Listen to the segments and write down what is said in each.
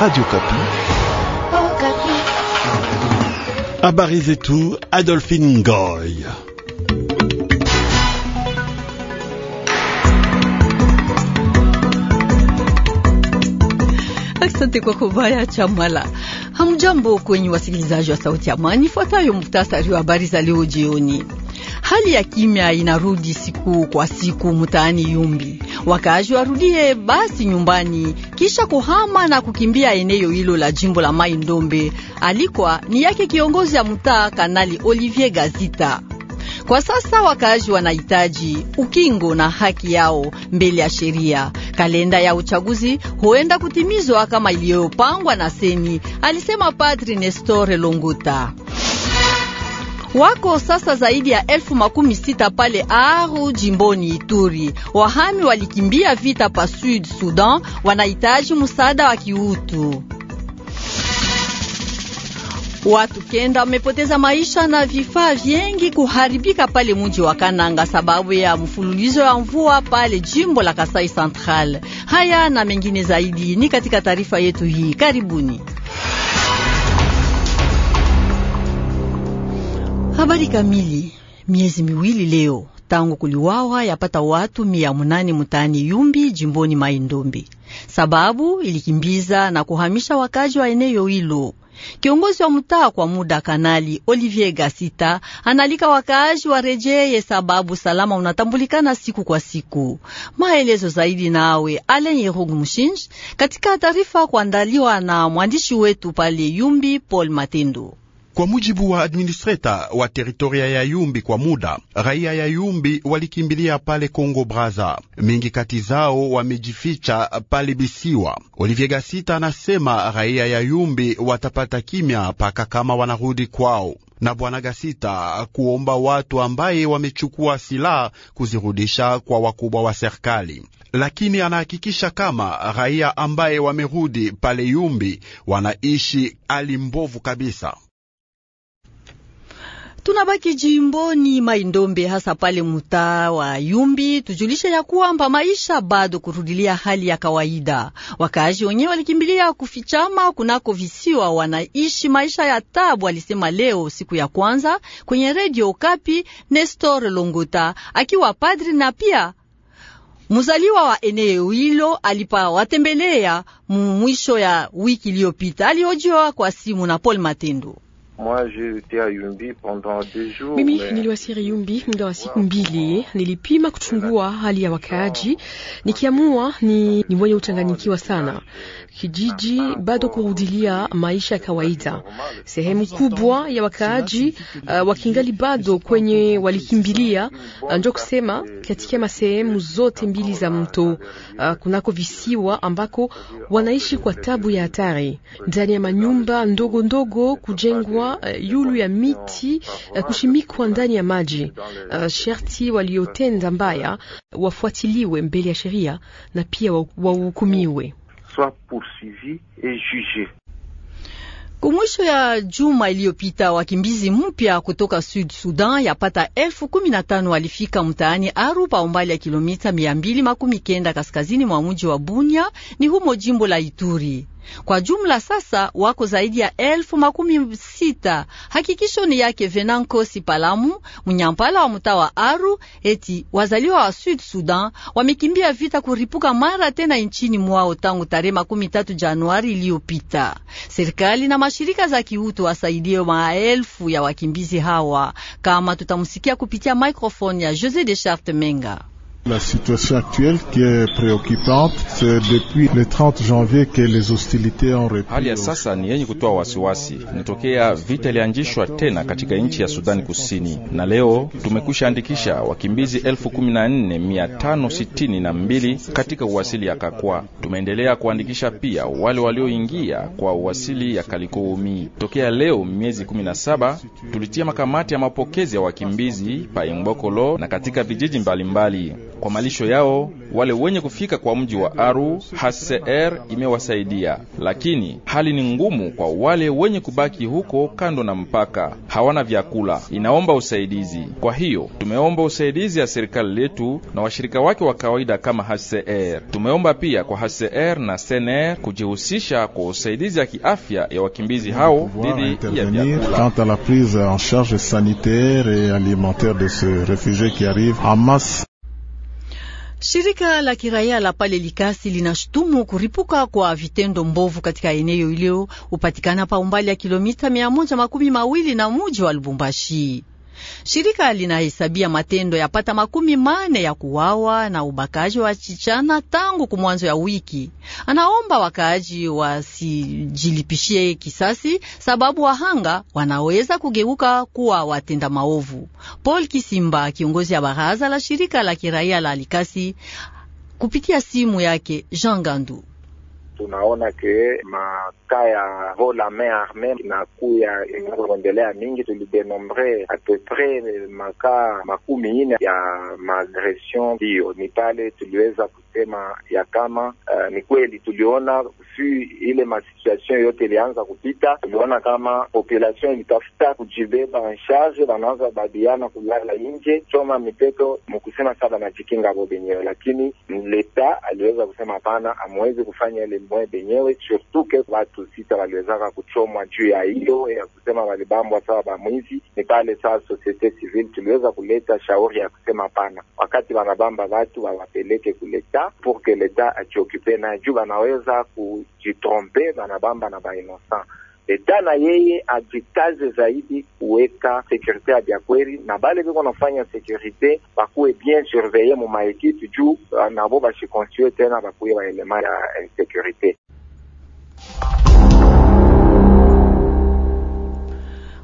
Radio Kapi. Habari zetu Adolphine Ngoy. Asante kwa kubaya chamala. Hamjambo kwenye wasikilizaji wa sauti ya amani, fuatayo muhtasari wa habari za leo jioni hali ya kimya inarudi siku kwa siku mtaani Yumbi. Wakaaji warudie basi nyumbani kisha kuhama na kukimbia eneo hilo la jimbo la Mai Ndombe, Alikwa ni yake kiongozi ya mtaa Kanali Olivier Gazita. Kwa sasa wakaaji wanahitaji ukingo na haki yao mbele ya sheria. Kalenda ya uchaguzi huenda kutimizwa kama iliyopangwa na Seni, alisema Padri nestore Longuta wako sasa zaidi ya elfu makumi sita pale Aru jimboni Ituri. Wahami walikimbia vita pa Sud Sudan, wanahitaji msaada wa kiutu. Watu kenda wamepoteza maisha na vifaa vyengi kuharibika pale muji wa Kananga sababu ya mfululizo ya mvua pale jimbo la Kasai Central. Haya na mengine zaidi ni katika taarifa yetu hii. Karibuni. Habari kamili. Miezi miwili leo tangu kuliwawa yapata watu mia munane mutani Yumbi jimboni mai Sababu ilikimbiza na kuhamisha wakaji wa eneo hilo. Kiongozi wa mtaa kwa muda Kanali Olivier Gasita analika wakaaji rejeye sababu salama unatambulikana siku kwa siku. Maelezo zaidi nawe Alen Yerug Mushinji katika taarifa kuandaliwa na mwandishi wetu pale Yumbi Paul Matendo. Kwa mujibu wa administreta wa teritoria ya Yumbi, kwa muda raia ya Yumbi walikimbilia pale Kongo Braza, mingi kati zao wamejificha pale Bisiwa. Olivier Gasita anasema raia ya Yumbi watapata kimya paka kama wanarudi kwao na Bwana Gasita kuomba watu ambaye wamechukua silaha kuzirudisha kwa wakubwa wa serikali, lakini anahakikisha kama raia ambaye wamerudi pale Yumbi wanaishi hali mbovu kabisa. Tunabaki jimboni Maindombe, hasa pale mutaa wa Yumbi. Tujulishe ya kwamba maisha bado kurudilia hali ya kawaida. Wakaaji wenyewe walikimbilia kufichama kunako visiwa, wanaishi maisha ya tabu, alisema leo siku ya kwanza kwenye redio okapi Nestor Longota akiwa padri na pia muzaliwa wa eneo hilo alipawatembelea mwisho ya wiki iliyopita. Aliojiwa kwa simu na Paul Matendo. Moi, j'étais à Yumbi pendant deux jours. Mimi me... niliwasiri Yumbi muda wa siku mbili, nilipima kuchungua hali ya wakaaji, nikiamua ni, ni wenye uchanganyikiwa sana. Kijiji bado kurudilia maisha ya kawaida, sehemu kubwa ya wakaaji uh, wakingali bado kwenye walikimbilia, uh, ndio kusema katika masehemu zote mbili za mto uh, kunako visiwa ambako wanaishi kwa tabu ya hatari ndani ya manyumba ndogo ndogo kujengwa Eh, yulu ya miti eh, kushimikwa ndani ya maji. Eh, sharti waliotenda mbaya wafuatiliwe mbele ya sheria na pia wahukumiwe. Kumwisho ya juma iliyopita wakimbizi mpya kutoka Sud Sudan yapata elfu kumi na tano walifika mtaani Aru pa umbali ya kilomita mia mbili makumi kenda kaskazini mwa mji wa Bunya ni humo jimbo la Ituri. Kwa jumla sasa wako zaidi ya elfu makumi sita. Hakikisho ni yake Venankosi Palamu, mnyampala wa mtaa wa Aru, eti wazaliwa wa Sud Sudan wamekimbia vita kuripuka mara tena nchini mwao tangu tarehe makumi tatu Januari iliyopita. Serikali na mashirika za kiutu wasaidie maelfu ya wakimbizi hawa, kama tutamsikia kupitia microphone ya Jose de Charte Menga. La situation actuelle qui est préoccupante, c'est depuis le 30 janvier que les hostilités ont repris. Hali ya sasa ni yenye kutoa wasiwasi. Ni tokea vita ilianzishwa tena katika nchi ya Sudani Kusini, na leo tumekwisha andikisha wakimbizi 14562 katika uwasili ya Kakwa. Tumeendelea kuandikisha pia wale walioingia kwa uwasili ya Kalikoumi. Tokea leo miezi 17 tulitia makamati ya mapokezi ya wakimbizi Paimbokolo na katika vijiji mbalimbali mbali kwa malisho yao. Wale wenye kufika kwa mji wa Aru HCR imewasaidia, lakini hali ni ngumu kwa wale wenye kubaki huko kando na mpaka, hawana vyakula, inaomba usaidizi. Kwa hiyo tumeomba usaidizi ya serikali letu na washirika wake wa kawaida kama HCR. Tumeomba pia kwa HCR na SNR kujihusisha kwa usaidizi ya kiafya ya wakimbizi hao dhidi ya vyakula en charge sanitaire et alimentaire de ce réfugié qui arrive en masse. Shirika la kiraia la pale Likasi linashutumu kuripuka kwa vitendo mbovu katika eneo ilio upatikana pa umbali ya kilomita mia moja makumi mawili na muji wa Lubumbashi. Shirika linahesabia matendo ya pata makumi mane ya kuwawa na ubakaji wa chichana tangu kumwanzo ya wiki. Anaomba wakaaji wasijilipishie kisasi, sababu wahanga wanaweza kugeuka kuwa watenda maovu. Paul Kisimba, kiongozi ya baraza la shirika la kiraia la Alikasi, kupitia simu yake Jean Gandu tunaona ke makaa ya vo la main arme inakuya kuendelea mingi. Tulidenombre près makaa makumi ine ya maagresion, Hiyo ni pale tuliweza kusema ya kama uh, ni kweli tuliona su ile masituation yote ilianza kupita, tuliona kama population ilitafuta kujibeba charge, wanaanza badiana kulala nje choma mipeto mkusema saba na jikinga vo benyewe, lakini leta aliweza kusema hapana, amwezi kufanya ile mwe benyewe, ke watu sita waliwezaka kuchomwa juu ya hiyo ya kusema walibambwa sawa bamwizi. Ni pale saa societe civile tuliweza kuleta shauri ya kusema hapana, wakati wanabamba watu wawapeleke kuleta l'État pour que l'État achiokipe na juu banaweza kujitrompe banabamba na bainosan Eta na yeye ajikaze zaidi kuweka sekurite ya byakweli na bale biko nafanya sekurite bakuwe bien surveye mu maekipe juu euh, nabo bashikonstitue tena bakuye baelema ya insekurite.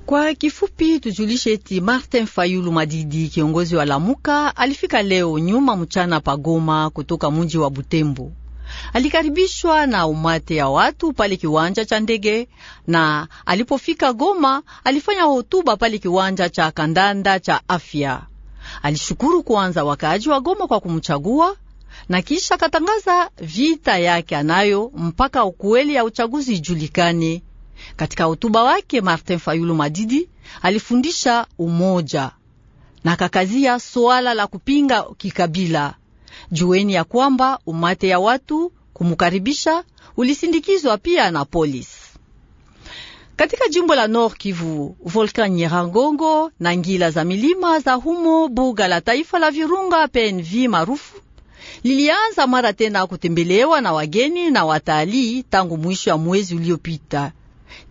Kwa kifupi tujulishe eti Martin Fayulu Madidi, kiongozi wa Lamuka, alifika leo nyuma mchana pagoma kutoka mji wa Butembo. Alikaribishwa na umate ya watu pale kiwanja cha ndege, na alipofika Goma alifanya hotuba pale kiwanja cha kandanda cha afya. Alishukuru kwanza wakaaji wa Goma kwa kumchagua na kisha katangaza vita yake anayo mpaka ukweli ya uchaguzi ijulikane katika hotuba wake Martin Fayulu Madidi alifundisha umoja na akakazia suala la kupinga kikabila. Jueni ya kwamba umate ya watu kumukaribisha ulisindikizwa pia na polisi. Katika jimbo la Nord Kivu, volkan Nyiragongo na ngila za milima za humo buga la taifa la Virunga PNV maarufu lilianza mara tena kutembelewa na wageni na watalii tangu mwisho ya mwezi uliopita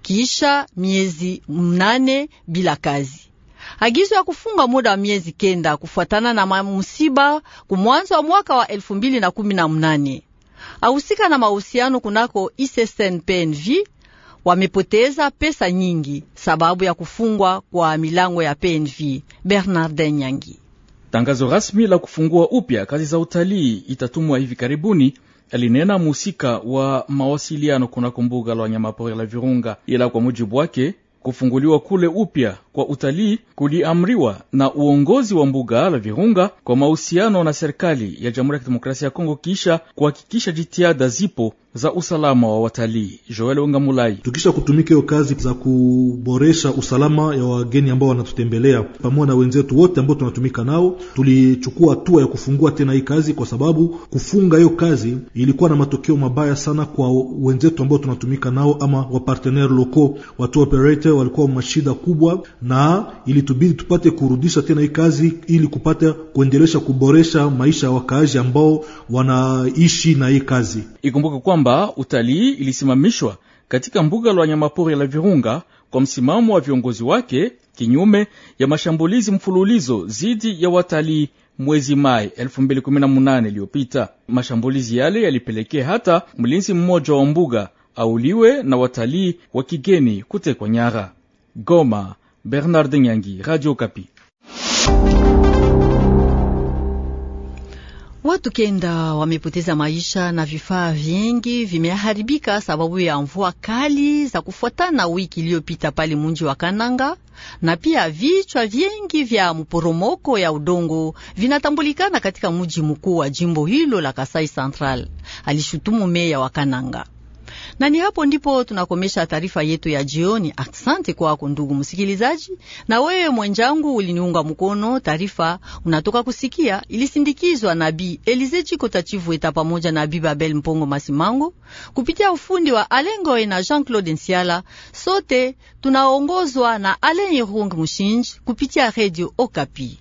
kisha miezi mnane bila kazi. Agizo ya kufunga muda wa miezi kenda kufuatana na msiba kumwanzo wa mwaka wa elfu mbili na kumi na mnane. Ahusika na mahusiano kunako ICSNPNV wamepoteza pesa nyingi sababu ya kufungwa kwa milango ya PNV. Bernardin Nyangi. Tangazo rasmi la kufungua upya kazi za utalii itatumwa hivi karibuni alinena musika wa mawasiliano kunako mbuga la wanyamapori la Virunga, ila kwa mujibu wake kufunguliwa kule upya kwa utalii kuliamriwa na uongozi wa mbuga la Virunga kwa mahusiano na serikali ya Jamhuri ya Kidemokrasia ya Kongo, kisha kuhakikisha jitihada zipo za usalama wa watalii. Joel Wangamulai: tukisha kutumika hiyo kazi za kuboresha usalama ya wageni ambao wanatutembelea, pamoja na wenzetu wote ambao tunatumika nao, tulichukua hatua ya kufungua tena hii kazi, kwa sababu kufunga hiyo kazi ilikuwa na matokeo mabaya sana kwa wenzetu ambao tunatumika nao, ama wapartenaire loco watu operator walikuwa mashida kubwa, na ilitubidi tupate kurudisha tena hii kazi ili kupata kuendelesha kuboresha maisha ya wakaaji ambao wanaishi na hii kazi. Ikumbuke kwamba kwamba utalii ilisimamishwa katika mbuga la wanyamapori la Virunga kwa msimamo wa viongozi wake, kinyume ya mashambulizi mfululizo dhidi ya watalii mwezi Mai 2018 iliyopita. Mashambulizi yale yalipelekea hata mlinzi mmoja wa mbuga auliwe na watalii wa kigeni kutekwa nyara. Goma, Bernard Nyangi, Radio Kapi. Watu kenda wamepoteza maisha na vifaa vingi vimeharibika sababu ya mvua kali za kufuatana wiki iliyopita pale mji wa Kananga, na pia vichwa vingi vya mporomoko ya udongo vinatambulikana katika mji mkuu wa jimbo hilo la Kasai Central, alishutumu meya wa Kananga. Na ni hapo ndipo tunakomesha taarifa yetu ya jioni. Asante kwako ndugu msikilizaji, na wewe mwenjangu uliniunga mkono. Taarifa unatoka kusikia ilisindikizwa na Bi Elize Chikota Chivueta pamoja na Bi Babel Mpongo Masimango kupitia ufundi wa Alengoe na Jean-Claude Nsiala. Sote tunaongozwa na Alen Irung Mushinji kupitia redio Okapi.